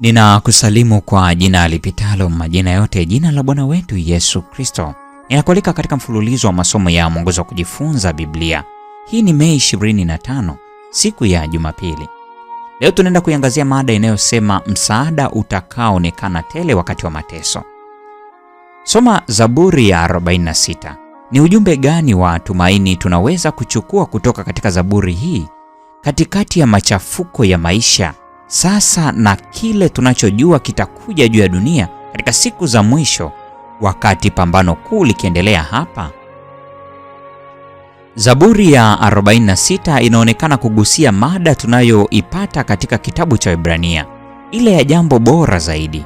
Ninakusalimu kwa jina alipitalo majina yote, jina la Bwana wetu Yesu Kristo. Ninakualika katika mfululizo wa masomo ya mwongozo wa kujifunza Biblia. Hii ni Mei 25, siku ya Jumapili. Leo tunaenda kuiangazia mada inayosema msaada utakaoonekana tele wakati wa mateso. Soma Zaburi ya 46. Ni ujumbe gani wa tumaini tunaweza kuchukua kutoka katika Zaburi hii katikati ya machafuko ya maisha sasa na kile tunachojua kitakuja juu ya dunia katika siku za mwisho wakati pambano kuu likiendelea hapa? Zaburi ya 46 inaonekana kugusia mada tunayoipata katika kitabu cha Ibrania, ile ya jambo bora zaidi.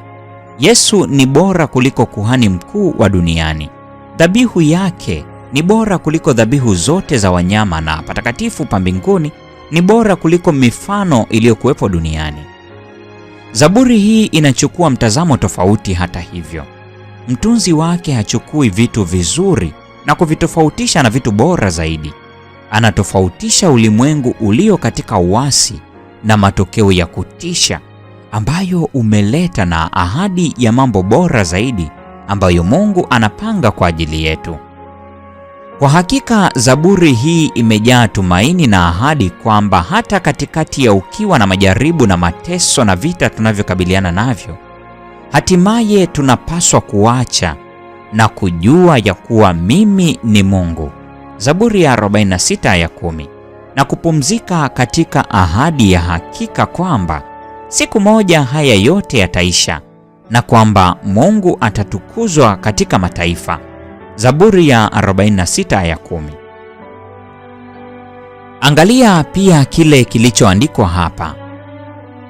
Yesu ni bora kuliko kuhani mkuu wa duniani. Dhabihu yake ni bora kuliko dhabihu zote za wanyama na patakatifu pa mbinguni ni bora kuliko mifano iliyokuwepo duniani. Zaburi hii inachukua mtazamo tofauti. Hata hivyo, mtunzi wake hachukui vitu vizuri na kuvitofautisha na vitu bora zaidi. Anatofautisha ulimwengu ulio katika uasi na matokeo ya kutisha ambayo umeleta na ahadi ya mambo bora zaidi ambayo Mungu anapanga kwa ajili yetu. Kwa hakika Zaburi hii imejaa tumaini na ahadi kwamba hata katikati ya ukiwa na majaribu na mateso na vita tunavyokabiliana navyo, hatimaye tunapaswa kuacha na kujua ya kuwa mimi ni Mungu. Zaburi ya 46 ya kumi, na kupumzika katika ahadi ya hakika kwamba siku moja haya yote yataisha na kwamba Mungu atatukuzwa katika mataifa Zaburi ya 46 ya 10. Angalia pia kile kilichoandikwa hapa: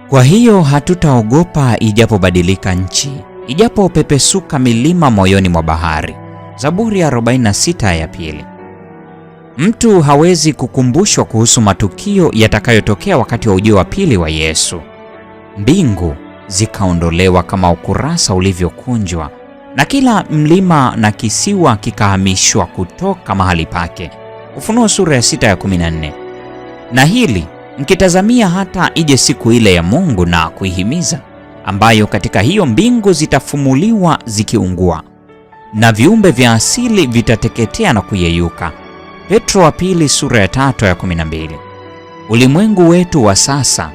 kwa hiyo hatutaogopa ijapobadilika nchi, ijapopepesuka milima moyoni mwa bahari. Zaburi ya 46 ya pili. Mtu hawezi kukumbushwa kuhusu matukio yatakayotokea wakati wa ujio wa pili wa Yesu. Mbingu zikaondolewa kama ukurasa ulivyokunjwa na kila mlima na kisiwa kikahamishwa kutoka mahali pake. Ufunuo sura ya sita ya 14. Na hili mkitazamia hata ije siku ile ya Mungu na kuihimiza, ambayo katika hiyo mbingu zitafumuliwa zikiungua na viumbe vya asili vitateketea na kuyeyuka. Petro wa pili sura ya tatu ya 12. Ulimwengu wetu wa sasa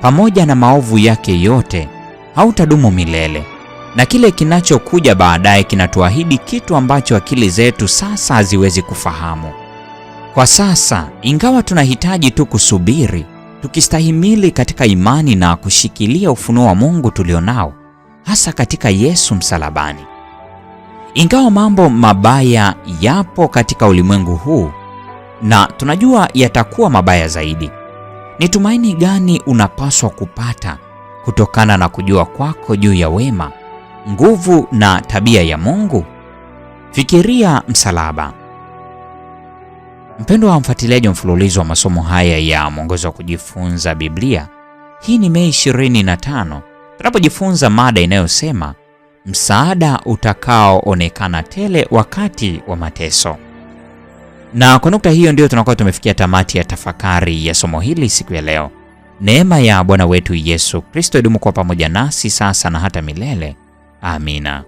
pamoja na maovu yake yote hautadumu milele na kile kinachokuja baadaye kinatuahidi kitu ambacho akili zetu sasa haziwezi kufahamu. Kwa sasa, ingawa tunahitaji tu kusubiri, tukistahimili katika imani na kushikilia ufunuo wa Mungu tulionao, hasa katika Yesu msalabani. Ingawa mambo mabaya yapo katika ulimwengu huu na tunajua yatakuwa mabaya zaidi, ni tumaini gani unapaswa kupata kutokana na kujua kwako juu ya wema nguvu na tabia ya Mungu? Fikiria msalaba. Mpendwa wa mfuatiliaji wa mfululizo wa masomo haya ya mwongozo wa kujifunza Biblia, hii ni Mei 25 tunapojifunza mada inayosema msaada utakaoonekana tele wakati wa mateso. Na kwa nukta hiyo ndiyo tunakuwa tumefikia tamati ya tafakari ya somo hili siku ya leo. Neema ya Bwana wetu Yesu Kristo idumu kwa pamoja nasi sasa na hata milele. Amina.